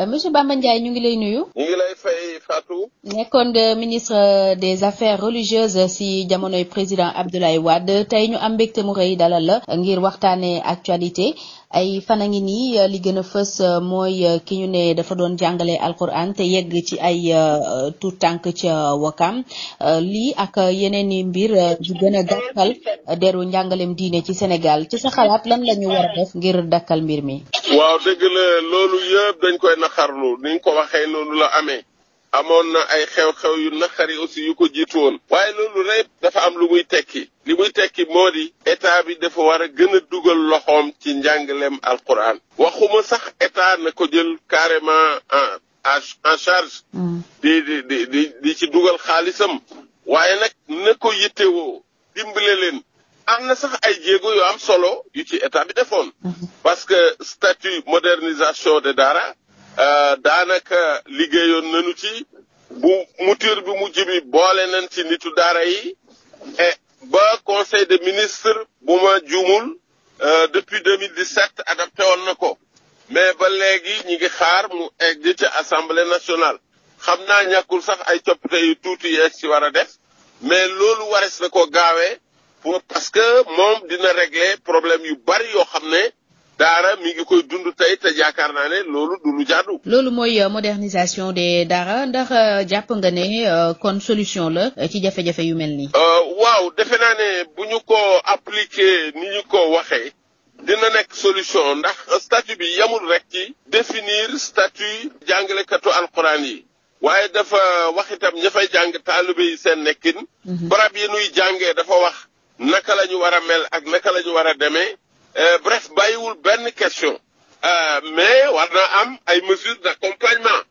Euh, monsieur Bamba Ndiaye ñu ngi lay nuyu. ñu ngi lay fay Fatou. nekkoon ministre des affaires religieuses si jamonoy président Abdoulaye Wade tey ñu am mbégte mu rëy dalal la ngir waxtaanee actualité. ay fan a ngi nii euh, li gën a fës euh, mooy euh, ki ñu ne dafa doon jàngale alquran te yegg ci ay tout tànk ca Wakam lii ak yeneen i mbir yu gën a gàkkal deru njàngalem diine ci senegal ci sa xalaat lan la ñu war a def ngir dakkal mbir mi. waaw dëgg la loolu yëpp dañ koy naqarlu ni nga ko waxee noonu la amee. amoon na ay xew-xew yu naqari aussi yu ko jiitu woon waaye loolu rek dafa am lu muy tekki li muy tekki moo di état bi dafa war a gën a dugal loxoom ci njàngaleem alquran waxuma sax état na ko jël carrément en en charge. Hmm. di di di di ci dugal xaalisam. waaye nag na ko yittewoo dimbale leen. am na sax ay jéego yu am solo yu ci état bi defoon. Hmm. parce que statut modernisation de daara. Euh, daanaka liggéeyoon nañu ci bu mouture bi mujj bi boole nañ ci nitu dara yi et ba conseil des ministres bu ma jumul euh, depuis 2017 adopté woon na ko mais ba léegi ñi ngi xaar mu egg ci assemblée nationale xam naa ñàkkul sax ay coppite yu tuuti yeeg ci war a def mais loolu wares na ko gaawee pour parce que moom dina régler problème yu bari yoo xam ne daara mi ngi koy dund tey te yaakaar naa ne loolu du lu jaadu. loolu mooy euh, modernisation de daara ndax euh, jàpp nga ne euh, kon solution la ci jafe-jafe yu mel nii. waaw defe naa ne bu ñu ko appliquer ni ñu ko waxee. dina nekk solution ndax statu bi yamul rekk ci définir statut jàngalekatu alquran yi waaye dafa wax itam ña fay jàng taalibe yi seen nekkin mhm. barab yi nuy jàngee dafa wax naka la ñu war a mel ak naka la ñu war a demee Euh, bref bàyyiwul benn question euh, mais warna am ay mesures d'accompagnement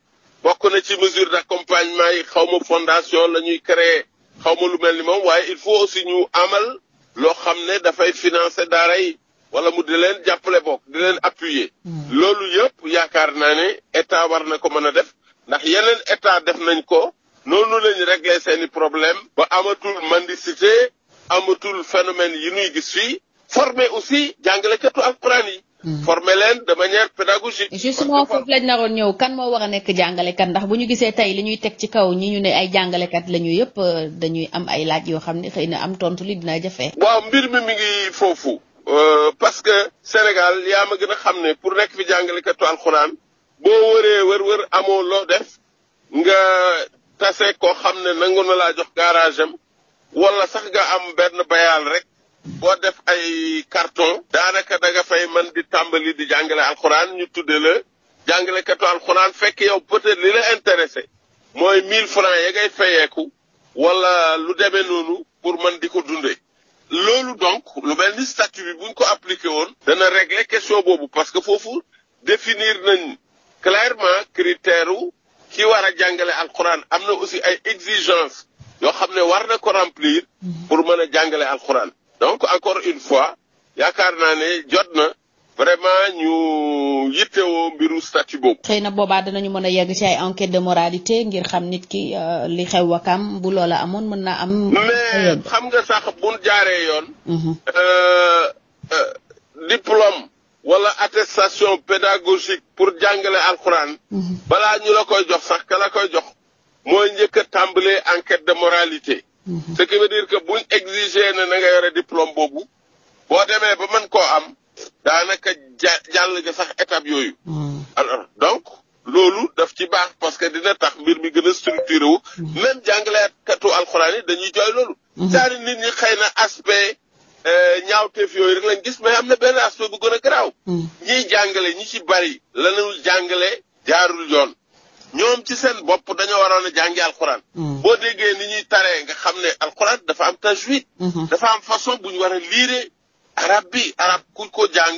bokk na ci mesures d'accompagnement yi xaw ma fondation la ñuy créer xaw ma lu mel ni moom waaye il faut aussi ñu amal loo xam ne dafay finance daara yi wala mu di leen jàppale bokk di leen appuyer. Hmm. loolu yëpp yaakaar naa ne état war na ko mën a def ndax yeneen état def nañ ko noonu lañu régler seeni problème ba amatul mendicité amatul phénomène yi nuy gis fii former aussi jàngalekatu alxuraan yi. Hmm. former leen de manière pédagogique. justement foofu lañ naroon ñëw kan moo war a nekk jàngalekat ndax bu ñu gisee tey li ñuy teg ci kaw ñi ñu ne ay jàngalekat la ñu yëpp euh, dañuy am ay laaj yoo xam ne xëy na am tontu li dina jafe. waaw mbir mi mi ngi foofu. Euh, parce que Sénégal yaa ma gën a xam ne pour nekk fi jàngalekatu alxuraan boo wëree wër-wër amoo loo def nga tase koo xam ne nangu na laa jox garage am wala sax nga am benn bayaal rek. boo def ay carton daanaka daga nga fay mën di tàmbali di jàngale alxuraan ñu tudde la jàngalekatu alxuraan fekk yow peut-être li la intéressé mooy mille francs ya ngay fayeeku wala lu demee noonu pour mën di ko dunde loolu donc lu mel ni statut bi buñ ko appliqué woon dana régler question boobu parce que foofu définir nañ clairement critère wu ki war a jàngale alxuraan am na aussi ay exigence yoo xam ne war na ko remplir pour mën a jàngale alxuraan donc encore une fois yaakaar naa ne jot na vraiment ñu yittewoo mbiru statut boobu. xëy na boobaa danañu mën a yegg ci ay enquête de moralité ngir xam nit ki euh, li xew wakam bu loola amoon mën na am. mais xam nga sax buñ jaare yoon. Mhm. Euh, euh, diplôme wala attestation pédagogique pour jàngale alxuraan. Mhm. balaa ñu la koy jox sax ka la koy jox. mooy njëkk a enquête de moralité. Mhm. ce qui veut dire que buñ exiger ne na nga yore diplôme boobu boo demee ba mën koo am daanaka ja jàll nga sax étape yooyu. Mhm. alors donc loolu daf ci baax parce que dina tax mbir mi gën a structuré wu. Mhm. même jàngalekatu alxuraan yi dañuy jooy loolu. cest nit ñi xëy na ñaaw euh, ñaawteef yooyu rek lañ gis mais am na benn aspect bu gën a garaaw. ñiy jàngale ñi ci bari lañu jàngale jaarul yoon. ñoom ci seen bopp dañoo waroon a jàngi alxuraan. Hmm. boo déggee ni ñuy taree nga xam ne alxuraan dafa am tajwid. Hmm. dafa am façon bu ñu war a liire arab bi arab ku ko jàng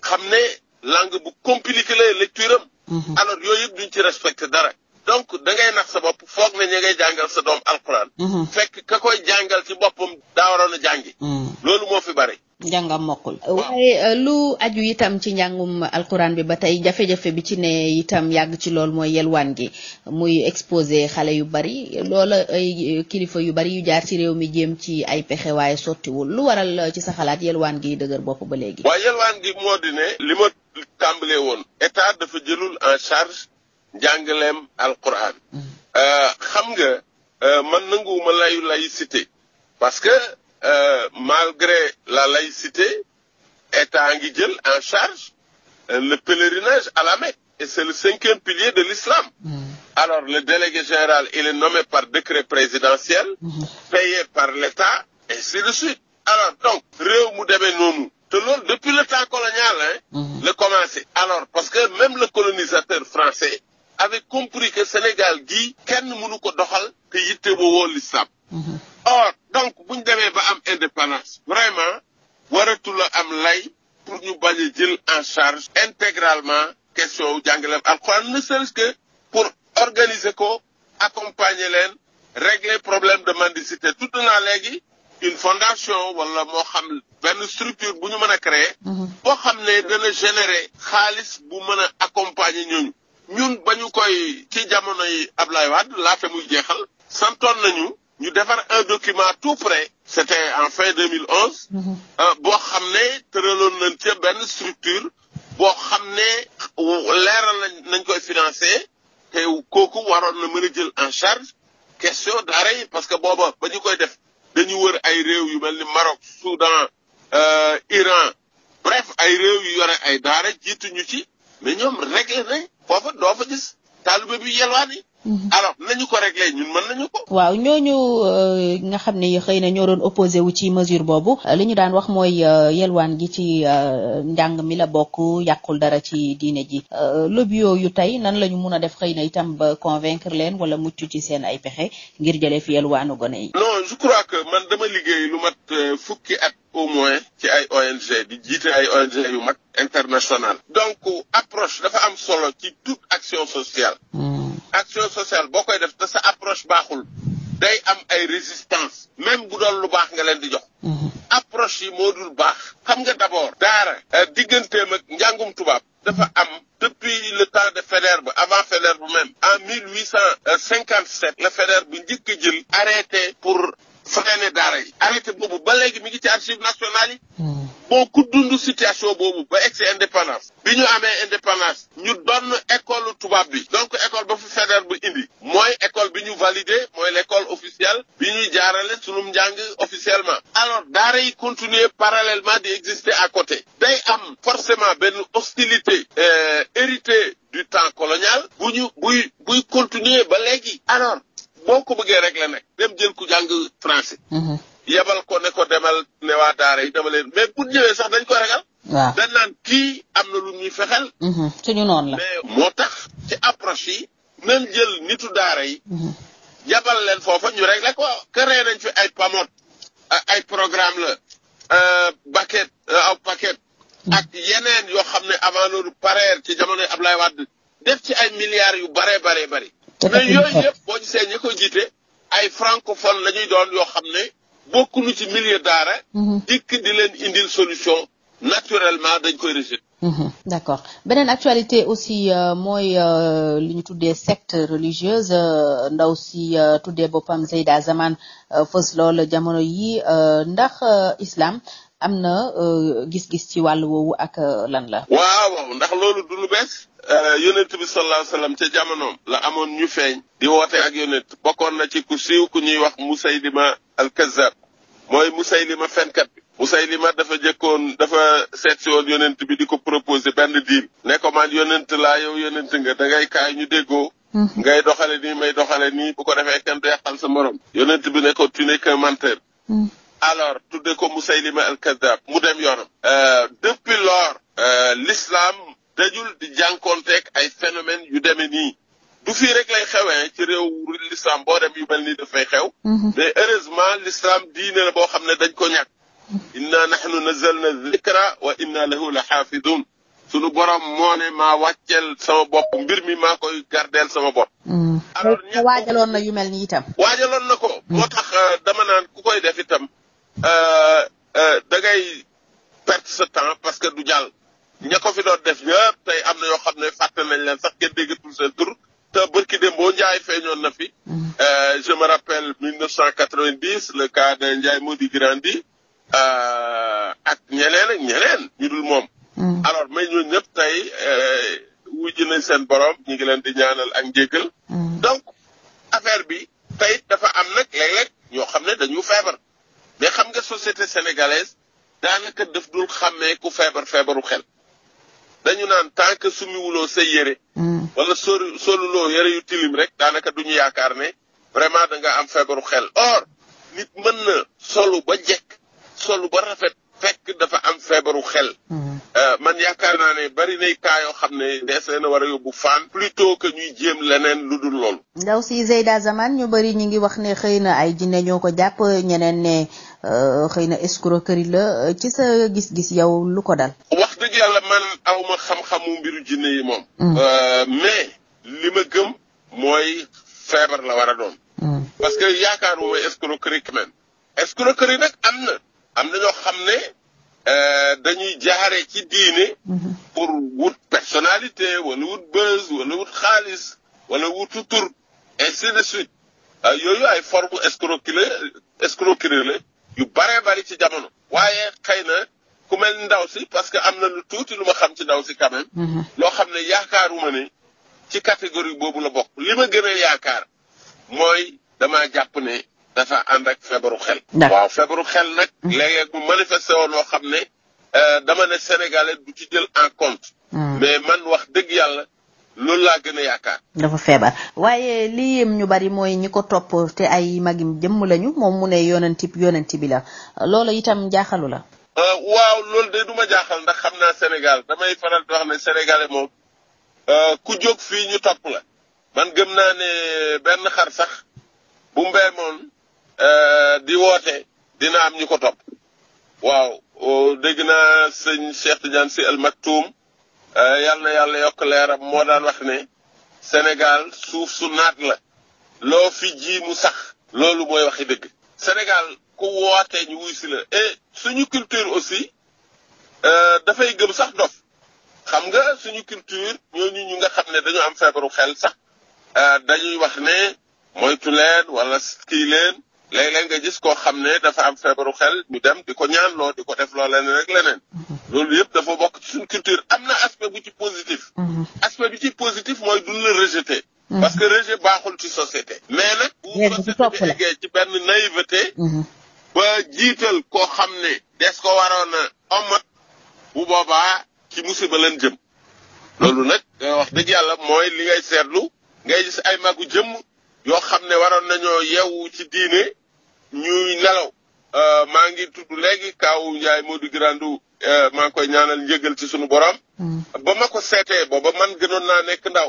xam ne langue bu compliqué la lecture am. Hmm. alors yooyu yëpp duñ ci respecté dara. donc da ngay nax sa bopp foog ne ña ngay jàngal sa doom alxuraan. fekk ka koy jàngal ci boppam daa waroon a jàngi. loolu moo fi bari. njàngam mokkul waaye euh, lu aju itam ci njàngum alquran bi ba tey jafe-jafe bi ci ne itam yàgg ci lool mooy yelwaan gi muy exposé xale yu bari loola ay euh, kilifa yu bari yu jaar ci réew mi jéem ci ay pexe waaye sottiwul lu waral euh, ci sa xalaat yelwaan gi dëgër bopp ba léegi waaye yelwaan gi moo di ne li ma tàmbalee woon état dafa jëlul en charge njàngaleem alquran mm-hmm. xam nga man nanguwuma layu laïcité parce que Euh, malgré la laïcité état ngi jël en charge euh, le pèlerinage à la Mecque et c'est le cinquième pilier de l'islam mmh. alors le délégué général il est nommé par décret présidentiel mmh. payé par l'État et ainsi de suite alors donc réew mu demee noonu te loolu depuis le temps colonial mm-hmm. le la commencé alors parce que même le colonisateur français avait compris que Sénégal gii kenn mënu ko doxal te yitte woo l'islam mm-hmm. donc bu ñu demee ba am indépendance vraiment waratula am lay pour ñu bañ a jël en charge intégralement question wu jàngaleem alxuraan ne serait-ce que pour organiser ko accompagner leen régler problème de mendicité tudd naa léegi une fondation wala moo xam benn structure bu ñu mën a créer mhm. boo xam ne dana générer xaalis bu mën a accompagner ñooñu ñun ba ñu koy ci jamono yi Ablaye Wade laata muy jeexal santoon nañu ñu defar un document tout prêt c'était en fin 2011 mhm. euh, boo xam ne tëraloon nañ ca benn structure boo xam ne leeral nañ koy financer te kooku waroon na mën jël en charge question daara yi parce que booba ba ñu koy def dañu wër ay réew yu mel ni Maroc Soudan euh, Iran bref ay réew yu yore ay daara jiituñu ci mais ñoom réglé nañ foofa doo fa gis taalibe bi yelwaani Mhm. alors nañu ko réglé ñun mën nañu ko. waaw ñooñu euh, nga xam ne xëy na ñoo doon opposé wu ci mesure boobu euh, li ñu daan wax mooy euh, yelwaan gi ci njàng mi la bokk yàqul dara ci diine ji lobby yooyu tey nan la ñu mun a def xëy na itam ba convaincre leen wala mucc ci seen ay pexe ngir jëlee fi yelwaanu gone yi. non je crois que man dama liggéey lu mat fukki at au moins ci ay ONG di jiite ay ONG yu mag international donc approche dafa am solo ci toute action sociale. Hmm. action sociale boo koy def te sa approche baaxul day am ay résistance même bu doon lu baax nga leen di jox mm-hmm. approche yi moo dul baax xam nga d'abord daara euh, digganteem ak njàngum tubaab dafa am depuis le temps de ba avant bu même en mille huit cent cinquante sept la Faidherbe bu njëkk jël arrêté pour freiner daara yi arrêté boobu ba léegi mi ngi ci archives nationale yi mm-hmm. bon ku dund situation boobu ba egsi indépendance bi ñu amee indépendance ñu donn école tubaab bi donc école ba fi fédéral bu indi mooy école bi ñu validé mooy l'école officielle bi ñuy jaarale sunum njàng officiellement alors daara yi continuer parallèlement di exister à côté day am forcément benn hostilité euh, héritée du temps colonial bu ñu buy buy continuer ba léegi alors boo ko bëggee régler nag dem jël ku jàng français mm-hmm. yebal ko ne ko demal ne waa daara yi dama leen mais bu ñëwee sax dañ ko ragal. waaw dañ naan kii am na lu ñuy fexel. Mhm. suñu noonu mais moo tax ci approche yi nañ jël nitu daara yi. Mhm. yabal leen foofa ñu rek la ko créé nañ fi ay pamot ay programme la euh, bucket euh, aw paquet. Mhm. ak yeneen yoo xam ne avant loolu pareer ci jamonoy Ablaye Wade def ci ay milliards yu baree baree bari. mais yooyu yëpp boo gisee ñi ko jiite ay francophone la ñuy doon yoo xam ne. bokkunu ci milieu daara mhm. dikk di leen indil solution naturellement dañ koy rejeté mhm. d' accord beneen actualité aussi euh, mooy euh, li ñu tuddee secte religieuse euh, ndaw si tuddee boppam Zeyda Zaman fës lool jamono yi ndax islam am na gis-gis ci wàll woowu ak lan la waaw ndax loolu du lu bees yonent bi sallallahu alayhi wasallam ca la amoon ñu feeñ di woote ak yonent bokkoon na ci ku siiw ku ñuy wax Musaydima al-Kazzab mooy Musaylima fenkat bi Musaylima dafa jëkkoon dafa seet si woon bi di ko proposé benn diil ne ko man yonent laa yow yonent nga da ngay kaay ñu déggoo mhm. ngay doxale nii may doxale nii bu ko defee kenn du yàqal sa morom yonent bi ne ko tu n'es qu'un menteur mhm. alors tudde ko Musaylima al Kazzab mu dem yoonam euh, depuis lors euh, l'islam dajul di jànkoonteek ay phénomènes yu demee nii du fii rek lay xewee ci réew l'islam boo dem yu mel nii dafay xew mhm. mais heureusement l'islam diine la boo xam ne dañ ko ñàkk inna nahnu nazalna zikra wa inna lahu la xaafidun sunu borom moo ne maa sama bopp mbir mi maa koy gardeel sama bopp mhm. alors waajaloon na yu ni itam waajaloon na ko mhm. moo tax euh, dama ku koy def itam euh, euh, da ngay perte sa temps parce que du jàll ña ko fi doon def ñëpp tey am na yoo xam ne fàtte nañ leen sax kenn déggatul seen tur te bërki Dembo Ndiaye feeñoon na fi. Mm-hmm. Euh, je me rappelle 1990 le cas de Ndiaye Mody Grandi euh, ak ñeneen ak ñeneen ñu dul moom. Mm-hmm. alors mais ñooñu ñëpp tey euh, wujj nañ seen borom ñu ngi leen di ñaanal ak njéggal. Mm-hmm. donc affaire bi tey dafa am nag léeg-léeg ñoo xam ne dañu feebar mais xam nga société sénégalaise daanaka def dul xàmmee ku feebar feebaru xel. dañu naan tant que sumiwuloo sa yére mm. wala sol soluloo yére yu tilim rek daanaka duñu yaakaar ne vraiment da nga am feebaru xel or nit mën na solu ba jekk solu ba rafet feebaru xel. Mm-hmm. Euh, man yaakaar naa ne bari nay cas yoo xam ne dees leen a war a yóbbu fan. ñuy jéem leneen lu dul loolu. ndaw si Zeyda Zaman ñu bari ñu ngi wax ne xëy na ay jinne ñoo ko jàpp ñeneen ne euh, xëy na escroquerie la ci sa gis-gis yow lu ko dal. wax dëgg yàlla man awma xam-xamu mbiru jinne yi moom. Mm. Euh, mais li ma gëm mooy feebar la war a doon. Mm. parce que yaakaaruma escroquerie quand même escroquerie nag am na am na ñoo xam ne. Euh, dañuy jaare ci diini mhm. pour wut personnalité wala wut buzz wala wut xaalis wala wutu tur ainsi de suite euh, yooyu ay forme escroquerie escroquerie yu baree bari ci jamono waaye xëy na ku mel ni ndaw si parce que am na lu tuuti lu ma xam ci ndaw si quand mhm. loo xam ne yaakaaruma ne ci catégorie boobu la bokk li ma gën a yaakaar mooy dama jàpp ne dafa ànd ak feebaru xel. waaw feebaru xel nag. Mm-hmm. léeg-léeg mu manifesté woon loo xam ne euh, dama ne sénégalais du ci jël en compte. Mm. mais man wax dëgg yàlla loolu laa gën a yaakaar. dafa feebar waaye lii yëm ñu bari mooy ñi ko topp te ay magim jëmm lañu moom mu ne yonanti yonanti bi la loolu itam jaaxalu la. Euh, waaw loolu de du ma jaaxal ndax xam naa Sénégal damay faral di wax ne sénégalais moom euh, ku jóg fii ñu topp la man gëm naa ne benn xar sax bu mbéy di woote dina am ñu ko topp waaw oh, dégg na sëñ Cheikh Tidiane si Al Maktoum eh, yal na yàlla yokk leeram moo daan wax ne Sénégal suuf su naat la loo fi ji mu sax loolu mooy waxi dëgg Sénégal ku woote ñu wuy si la et eh, suñu culture aussi eh, dafay gëm sax dof xam nga suñu culture ñooñu ñu nga xam ne dañu am feebaru xel sax dañuy wax ne moytu leen wala kii leen léeg-léeg nga gis koo xam ne dafa am feebaru xel ñu dem di ko ñaanloo di ko def loo leneen rek leneen loolu yëpp dafa bokk suñ culture am na aspect bu ci positif mhm. aspect bi ci positif mooy duñ la rejeté mhm. parce que rejet baaxul ci société mais nag bu société bi eggee ci benn naïveté mhm. ba jiital koo xam ne des ko waroon a omat bu boobaa ci musiba leen jëm loolu nag wax dëgg yàlla mooy li ngay seetlu ngay gis ay magu jëmm yoo xam ne waroon nañoo yeewu ci diine ñuy nelaw euh, maa ngi tudd léegi kaaw Ndiaye Modou Girandu euh, maa ngi koy ñaanal njëgal ci suñu borom. Hmm. ba ma ko seetee booba man gënoon naa nekk ndaw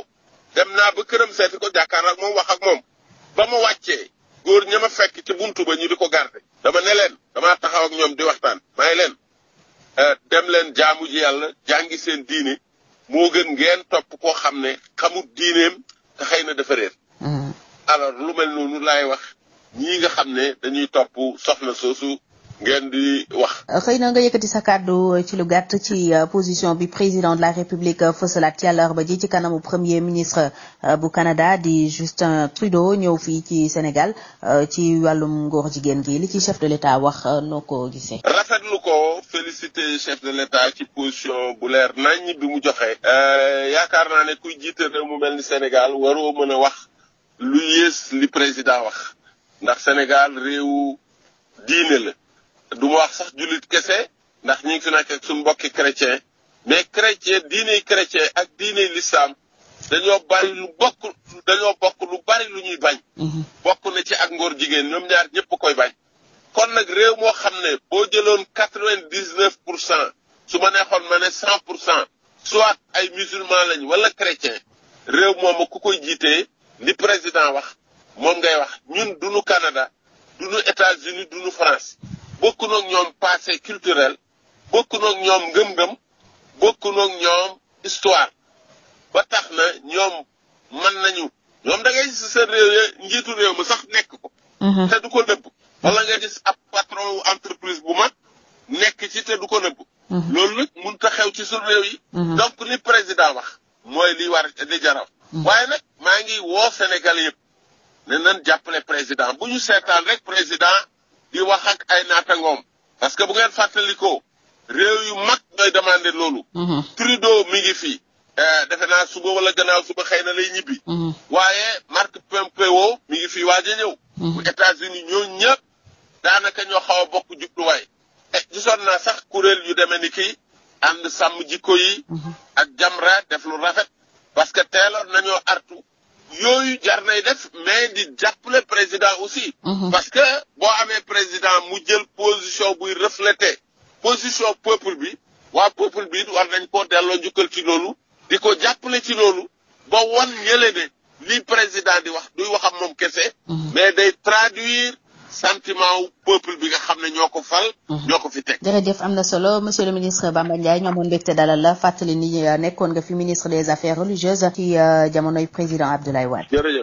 dem naa ba këram seeti ko jàkkaar ak moom wax ak moom ba ma wàccee góor ñama fekk ci buntu ba ñu di ko garde dama ne leen damaa taxaw ak ñoom di waxtaan maa ngi leen euh, dem leen jaamu ji yàlla jàngi seen diine moo gën ngeen topp koo xam ne xamut diineem te xëy na dafa réer hmm. alors lu mel noonu laay wax ñii nga xam ne dañuy topp soxna soosu ngeen di wax. Euh, xëy na nga yëkkati sa kàddu euh, ci lu gàtt ci euh, position bi président de la république fësalaat ci àllarba ji ci kanamu premier ministre bu Canada di Justin Trudeau ñëw fii ci Sénégal ci wàllum ngóor jigéen gi li ci chef de l'État wax noo ko gisee. rafetlu ko félicité chef de l'État ci position bu leer nañ bi mu joxe. yaakaar naa ne kuy jiite réew mu mel ni Sénégal waroo mën a wax lu yées li président wax. ndax Sénégal réewu diine la du ma wax sax jullit kese ndax ñi ngi fi nekk ak suñu mbokki chrétien mais chrétien diiney chrétien ak diiney lislaam dañoo bari lu bokk dañoo bokk lu bari lu ñuy bañ mhm. bokk na ci ak ngóor jigéen ñoom ñaar ñëpp koy bañ kon nag réew moo xam ne boo jëloon quatre-vingt-dix-neuf pour cent su ma neexoon ma ne cent pour cent soit ay musulman lañu wala chrétien réew moomu ku koy jiitee li président wax moom ngay wax ñun duñu Canada duñu États-Unis duñu France bokku noog ñoom passé culturel bokku noog ñoom ngëm-ngëm bokku noog ñoom histoire ba tax na ñoom mën nañu ñoom da ngay gis sa réew njiitu réew ma sax nekk ko mhm. te du ko nëbb wala nga gis ab patron wu entreprise bu mag nekk ci te du ko nëbb mhm. loolu nag mun ta xew ci suñu réew yi mhm. donc ni président wax mooy li war di jaraw waaye nag maa ngi woo Sénégal yëpp ne nan jàppale président bu ñu seetaan rek président di waxak ay naatangoom parce que bu ngeen fàttalikoo réew yu mag ñooy demandé loolu mhm. Trudeau mi ngi fii eh, defe naa suba wala gannaaw suba xëy na lay ñibbi mhm. waaye Marc Pompeo mi ngi fii waaj a ñëw mhm. bu États-Unis ñoo ñëpp daanaka ñoo xaw a bokk jubluwaay e gisoon naa sax kuréel yu demee ni kii ànd sàmm jikko yi ak Jamra def lu rafet parce que teeloon nañoo artu yooyu jar nay def mais di jàppale président aussi. Mhm. parce que boo amee président mu jël position buy refléter position peuple bi waa peuple bi war nañ koo delloo njukkal ci loolu di ko jàppale ci loolu ba wan ñële ne li président di wax duy wax ak moom kese. Mhm. mais day traduire sentiment wu peuple bi nga xam ne ñoo ko fal. Mhm. ñoo ko fi teg. jërëjëf am na solo monsieur le ministre Bamba Ndiaye ñu amoon mbégte dalal la fàttali ni euh, nekkoon nga fi ministre des affaires religieuses ci euh, jamonoy président Abdoulaye Wade. jërëjëf.